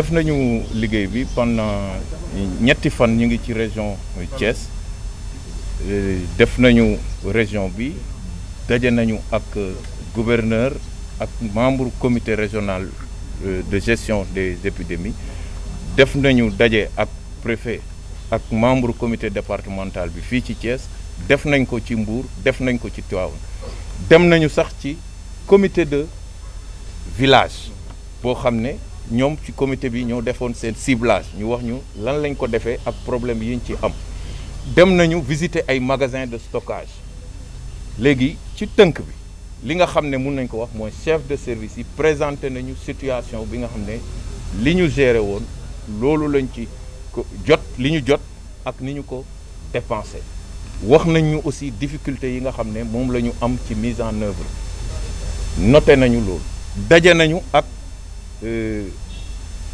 def nañu liggéey bi pendant ñetti fan ñu ngi ci région Thiès euh, def nañu région bi daje nañu ak euh, gouverneur ak membre comité régional euh, de gestion des épidémies def nañu daje ak préfet ak membre comité départemental bi fii ci Thiès def nañ ko ci Mbour def nañ ko ci Tivaouane dem nañu sax ci comité de village boo xam ne ñoom ci comité bi ñoo defoon seen ciblage ñu wax ñu lan lañ ko defee ak problème yi ñu ci am dem nañu visité ay magasin de stockage léegi ci tënk bi li nga xam ne mun nañ ko wax mooy chef de service yi présenté nañu situation bi nga xam ne li ñu géré woon loolu lañ ci jot li ñu jot ak ni ñu ko dépensé wax nañ ñu aussi difficulté yi nga xam ne moom la ñu am ci mise en œuvre noté nañu loolu daje nañu ak euh,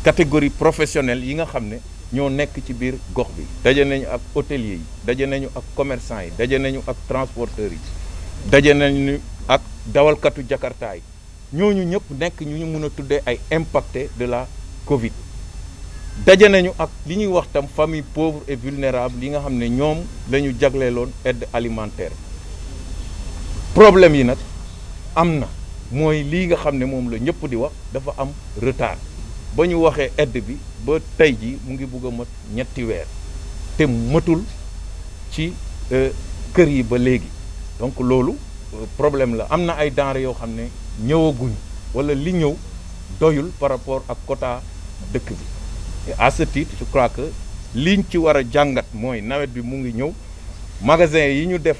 catégorie professionnelle yi nga xam ne ñoo nekk ci biir gox bi daje nañu ak hôteliers yi daje nañu ak commerçant yi daje nañu ak transporteurs yi daje nañu ak dawalkatu jakarta yi ñooñu ñëpp nekk ñu ñu mën a tuddee ay impacté de la Covid daje nañu ak li ñuy wax tam famille pauvre et vulnérable yi nga xam ne ñoom la ñu jagleeloon aide alimentaire problème yi nag am na mooy lii nga xam ne moom la ñëpp di wax dafa am retard ba ñu waxee aide bi ba tey ji mu ngi bugg a mat ñetti weer te matul ci euh, kër yi ba léegi donc loolu euh, problème la am na ay denrées yoo xam ne ñëwaguñ wala li ñëw doyul par rapport ak quota dëkk bi et à ce titre je crois que liñ ci war a jàngat mooy nawet bi mu ngi ñëw magasin yi ñu def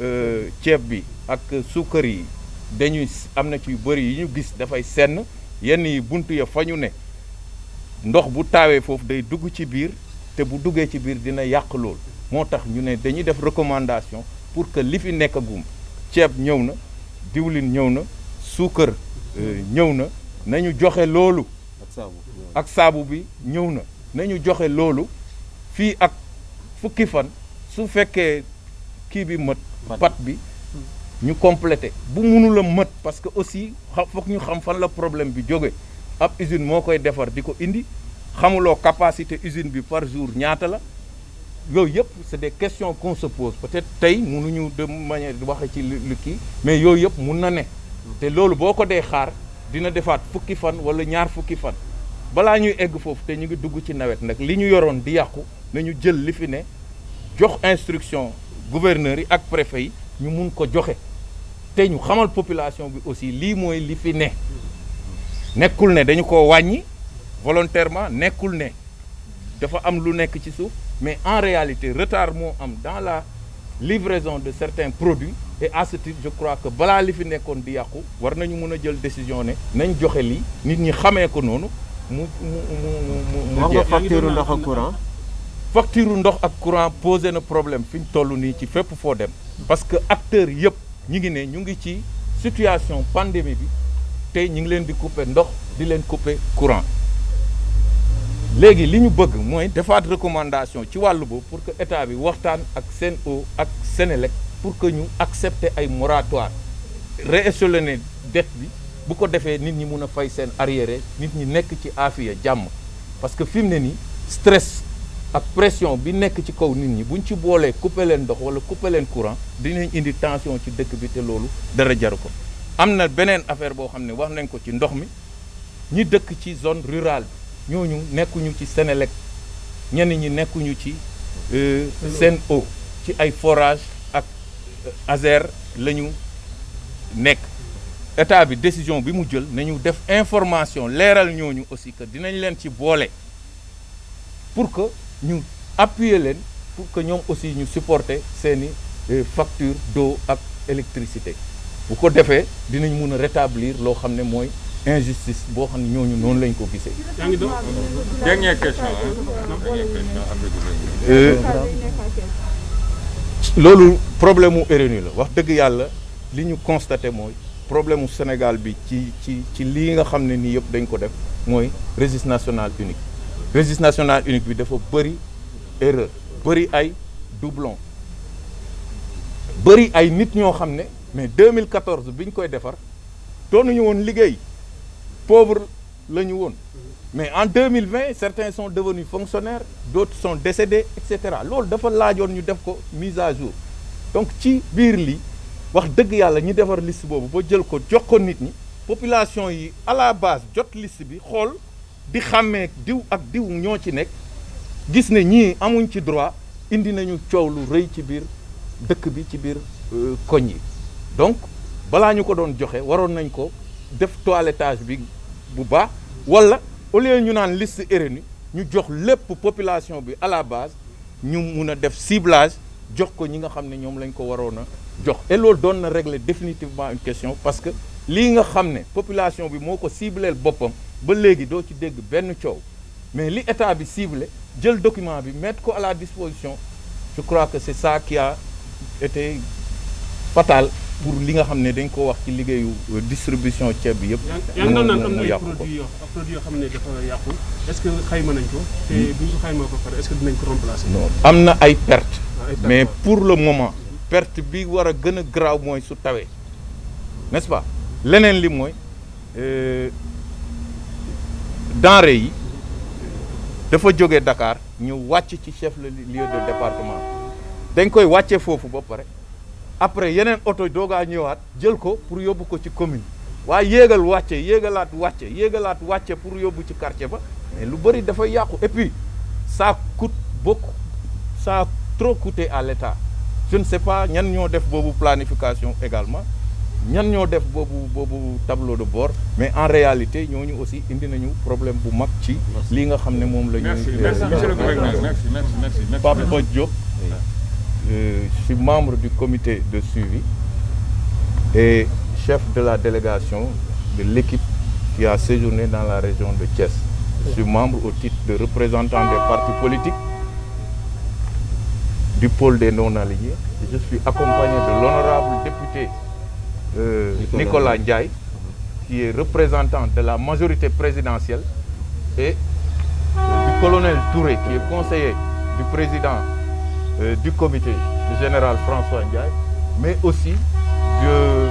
euh, ceeb bi ak suukar yi dañuy am na ci yu bëri yi ñu gis dafay senn yenn yi bunt ya fa ñu ne ndox bu taawee foofu day dugg ci biir te bu duggee ci biir dina yàq lool moo tax ñu ne dañuy def recommandation pour que li fi nekk gum ceeb ñëw na diwlin ñëw na suukar euh, ñëw na nañu joxe loolu ak saabu bi ñëw na nañu joxe loolu fii ak fukki fan su fekkee kii bi mët pat bi ñu complété bu la mët parce que aussi foog ñu xam fan la problème bi jóge ab usine moo koy defar di ko indi xamuloo capacité usine bi par jour ñaata la yooyu yëpp c'est des question qu'on peut-être tey mënuñu de manière waxe ci lu kii mais yooyu yëpp mun na ne te loolu boo ko dee xaar dina defaat fukki fan wala ñaar fukki fan balaa ñuy egg foofu te ñu ngi dugg ci nawet nag li ñu yoroon di yàqu nañu jël li fi ne jox instruction gouverneurs yi ak préfet yi ñu mun ko joxe te ñu xamal population bi aussi lii mooy li fi ne nekkul ne dañu ko wàññi volontairement nekkul ne dafa am lu nekk ci suuf mais en réalité retard moo am dans la livraison de certains produits et à ce je crois que balaa li fi nekkoon di yàqu war nañu mën a jël décision ne nañ joxe lii nit ñi xamee ko noonu mu mu mu mu mu jeex facture ndox ak courant facture ndox ak courant posé na problème fi ñu toll nii ci fépp foo dem parce que acteurs yëpp ñi ngi ne ñu ngi ci situation pandémie bi tey ñu ngi leen di couper ndox di leen couper courant léegi li ñu bëgg mooy defaat recommandation ci wàllu boobu pour que état bi waxtaan ak Sen'Eau ak Senelec pour que ñu accepter ay moratoire rééchelonner dette bi bu ko defee nit ñi mun a fay seen arriéré nit ñi nekk ci aafiya jàmm parce que fi mu ne nii stress ak pression bi nekk ci kaw nit ñi buñ ci boolee couper leen ndox wala couper leen courant dinañ indi tension ci dëkk bi te loolu dara jaru ko am na beneen affaire boo xam ne wax nañ ko ci ndox mi ñi dëkk ci zone rural bi ñooñu nekkuñu ci Senelec ñenn ñi nekkuñu ci euh, seen Sen'Eau ci ay forage ak euh, Azer la ñu nekk état bi décision bi mu jël nañu def information leeral ñooñu aussi que dinañ leen ci boole pour que ñu appuyer leen pour que ñoom aussi ñu supporter seeni euh, facture d'eau ak électricité bu ko defee dinañ mun a rétablir loo xam ne mooy injustice boo xam ne ñooñu noonu lañ ko gisee. dernière question euh, loolu problème mu RNU la wax dëgg yàlla li ñu constaté mooy problème mu Sénégal bi ci ci ci lii nga xam ne nii yëpp dañ ko def mooy registre nationale unique registre national unique bi dafa bëri erreur bëri ay doublon bëri ay nit ñoo xam ne. mais deux 2014 bi ñu koy defar doonuñu woon liggéey pauvre la ñu woon mais en 2020 certains sont devenus fonctionnaires d'autres sont décédés et cetera loolu dafa laajoon ñu def ko mise à jour donc ci biir li wax dëgg yàlla ñu defar liste boobu ba jël ko jox ko nit ñi population yi à la base jot liste bi xool di xàmmee diw ak diw ñoo ci nekk gis ne ñii amuñ ci droit indi nañu coow lu rëy ci biir dëkk bi ci biir euh, koñ yi donc balaa ñu ko doon joxe waroon nañ ko def toilettage bi bu baax wala au lieu ñu naan liste RNU ñu jox lépp population bi à la base ñu mun a def ciblage jox ko ñi nga xam ne ñoom lañ ko waroon a jox et loolu doon na régler définitivement une question parce que li nga xam ne population bi moo ko cibleel boppam ba léegi doo ci dégg benn coow mais li état bi ciblé jël document bi mettre ko à la disposition je crois que c'est ça qui a été fatal pour li nga xam ne dañ ko wax ci liggéeyu euh, distribution ceeb bi yëpp. mu mu mu mu yàqu ko yaa produit yoo xam ne dafa yàqu est-ce que xayma nañ ko. xayma hmm. ko pare est ko remplacer. non am na ay perte ah, mais pour le moment. perte bi war a gën a graaw mooy su tawee n'est-ce pas leneen li mooy euh, denrée yi dafa jóge dakaar ñu wàcc ci chef le lieu de département dañ koy wàccee foofu ba pare. après yeneen oto doogaa ñëwaat jël ko pour yóbbu ko ci commune waaye yéegal wàcce yéegalaat wàcce yéegalaat wàcce pour yóbbu ci quartier ba mais lu bëri dafay yàqu et puis ça coûte beaucoup ça a trop coûté à l'État je ne pas ñan ñoo def boobu planification également ñan ñoo def boobu boobu tableau de bord mais en réalité ñooñu aussi indi nañu problème bu mag ci lii nga xam ne moom la ñuy. merci merci monsieur le gouverneur euh, merci merci merci Euh, je suis membre du comité de suivi et chef de la délégation de l'équipe qui a séjourné dans la région de Thiès. Je suis membre au titre de représentant des partis politiques du pôle des non-alignés. Je suis accompagné de l'honorable député euh, Nicolas, Nicolas Ndiaye, qui est représentant de la majorité présidentielle, et euh, du colonel Touré, qui est conseiller du président euh, du comité général François Ndiaye, mais aussi de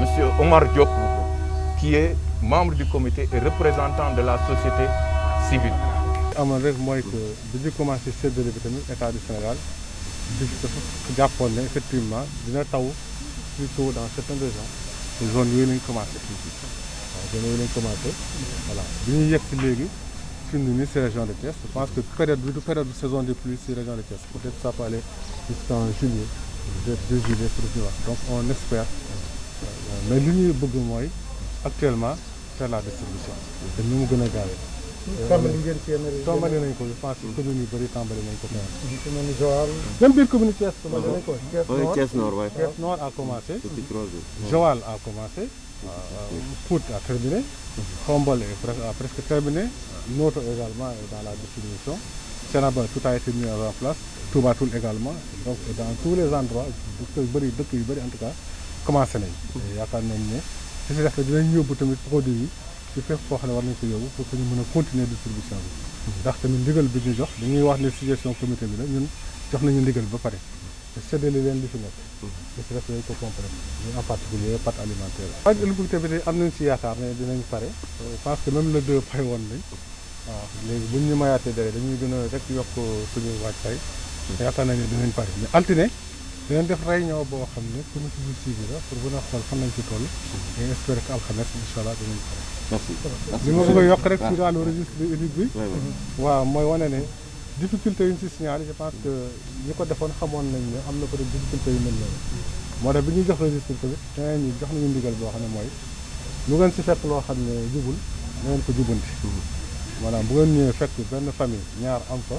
Monsieur Omar Diop, qui est membre du comité et représentant de la société civile. amoon rek mooy que bi commencé séddale bi tamit état du Sénégal di dafa jàppoon ne effectivement dina taw surtout dans certaines régions zone yooyu lañ commencé. waaw zone yooyu lañ commencé voilà bi ñuy si léegi. fi mu nii si région de Thiès je que période bi période saison des pluies si région de Thiès peut-être ça peut aller jusqu'en de juillet pour ñu donc on espère mais li ñuy bëgg mooy actuellement faire la distribution te ni mu gën a gaawee tàmbali ngeen seen tàmbali nañ ko je pense que Nord Thiès Nord a commencé Joal a commencé Pout a terminé, eh? Khombol eh, a presque eh? terminé, Noto également est dans la définition, Tianaba tout a été mis en place, Toubatoul également, donc dans tous les endroits, dëkk yu bëri en tout cas commencé nañ. yaakaar nañ ne ci si defee dinañ yóbbu tamit produit yi ci fépp foo xam ne war nañ ko yóbbu pour que ñu mën a continuer distribution bi. ndax tamit ndigal bi ñu jox dañuy wax ne suggestion comité bi la ñun jox nañu ndigal ba pare. te séddale leen li fi nekk. bés mm-hmm. rek lañ ko comprendre ñu en particulier pâte alimentaire la. waaye tamit am nañ si yaakaar ne dinañ pare. parce euh, que même le deux pay woon nañ. waaw ah, léegi buñ ñu mayaatee dara dañuy gën a rek yokk suñu waajtaay. Mm-hmm. te yaakaar nañ ne dinañ pare mais altine. dinañ def réunion boo xam ne comité bu suivi la pour gën a xool xam lañ ci toll. et espère que alxames incha pare. li ma bëgg a yokk rek sur ah. le registre unique bi. Mm-hmm. waaw mooy wane difficulté yu ñu si signalé je pense que ñi ko defoon xamoon nañ ne am na peut être difficulté yu mel noonu moo tax bi ñuy jox registre tamit nee ñu jox nañu ndigal boo xam ne mooy lu ngeen si fekk loo xam ne jubul na ngeen ko jubanti maanaam bu ngeen ñëwee fekk benn famille ñaar am fa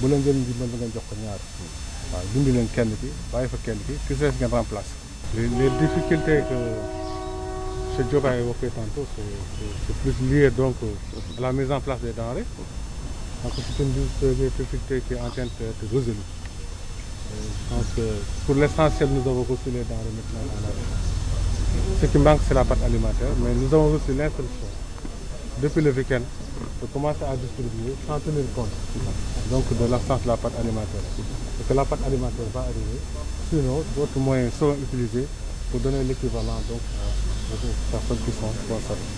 bu la ngeen ji mën na ngeen jox ko ñaar waaw dindi leen kenn ki bàyyi fa kenn ki ki ngeen remplacer les les que ce Diop a évoqué tantôt c'est c'est plus lié donc à la mise Parce que c'est une qui est en train d'être que pour l'essentiel, nous avons reçu les denrées maintenant à la Ce qui manque, c'est la pâte alimentaire, mais nous avons reçu l'instruction depuis le week-end de commencer à distribuer sans tenir compte donc de l'absence la pâte alimentaire. Parce que la pâte alimentaire va arriver, sinon d'autres moyens seront utilisés pour donner l'équivalent donc aux personnes qui sont concernées.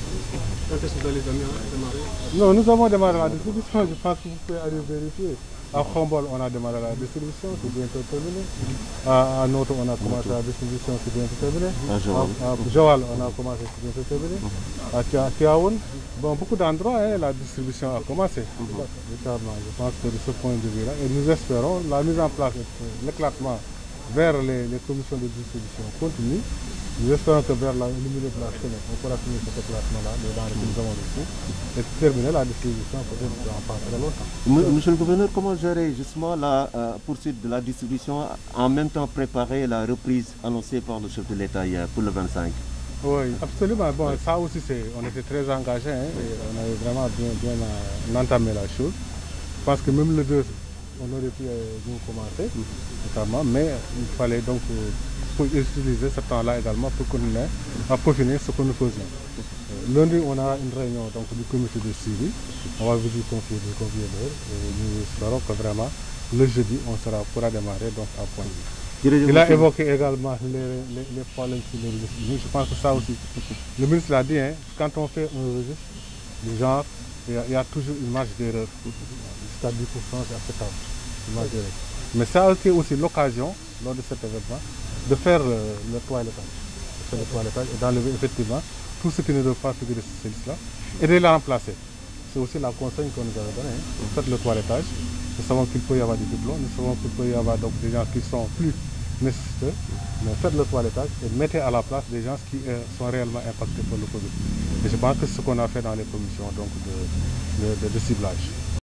Quand est-ce que vous allez démarrer Non, nous avons démarré la distribution, je pense que vous pouvez aller vérifier. on a démarré la distribution, c'est bientôt terminé. À, à Noto, on a commencé la distribution, c'est bientôt terminé. Ah, à, à Joal, on a commencé, c'est bientôt terminé. À Tiaoun, la distribution a commencé. Mm -hmm. Je pense que de ce point de la mise en place, vers les, les commissions de distribution continue. Nous espérons que vers la, le milieu de la semaine, on pourra finir ce déplacement-là, les denrées que nous avons reçues, et terminer la distribution peut-être en pas très longtemps. Monsieur le gouverneur, comment gérer justement la euh, poursuite de la distribution, en même temps préparer la reprise annoncée par le chef de l'État hier pour le 25 oui, absolument. Bon, oui. ça aussi, on était très engagés. Hein, et on avait vraiment bien, bien euh, entamé la chose. Parce que même le 2, on aurait pu euh, commencer, notamment, mais il fallait donc euh, pour utiliser ce temps-là également pour continuer à peaufiner ce que nous faisions. Euh, lundi, on a une réunion donc, du comité de suivi. On va vous y confier des vraiment, le jeudi, on sera, pourra démarrer donc, à point. Il a évoqué également les, les, les problèmes sur les Je pense que ça aussi. Le ministre l'a dit, quand on fait un registre du genre, a, il y a toujours une marge d'erreur. jusqu'à 10% à septembre. Mais ça a été aussi l'occasion, lors de cet événement, de faire euh, toilettage. De faire le toilettage et d'enlever effectivement tout ce qui ne doit pas figurer sur ces là et de la remplacer. C'est aussi la conseil qu'on nous avait donnée. Hein. Faites le toilettage. Nous savons qu'il peut y toilettage et mettez à la place des gens qui euh, sont réellement impactés par le Covid. Et je pense que ce qu'on a fait dans les commissions donc, de, de,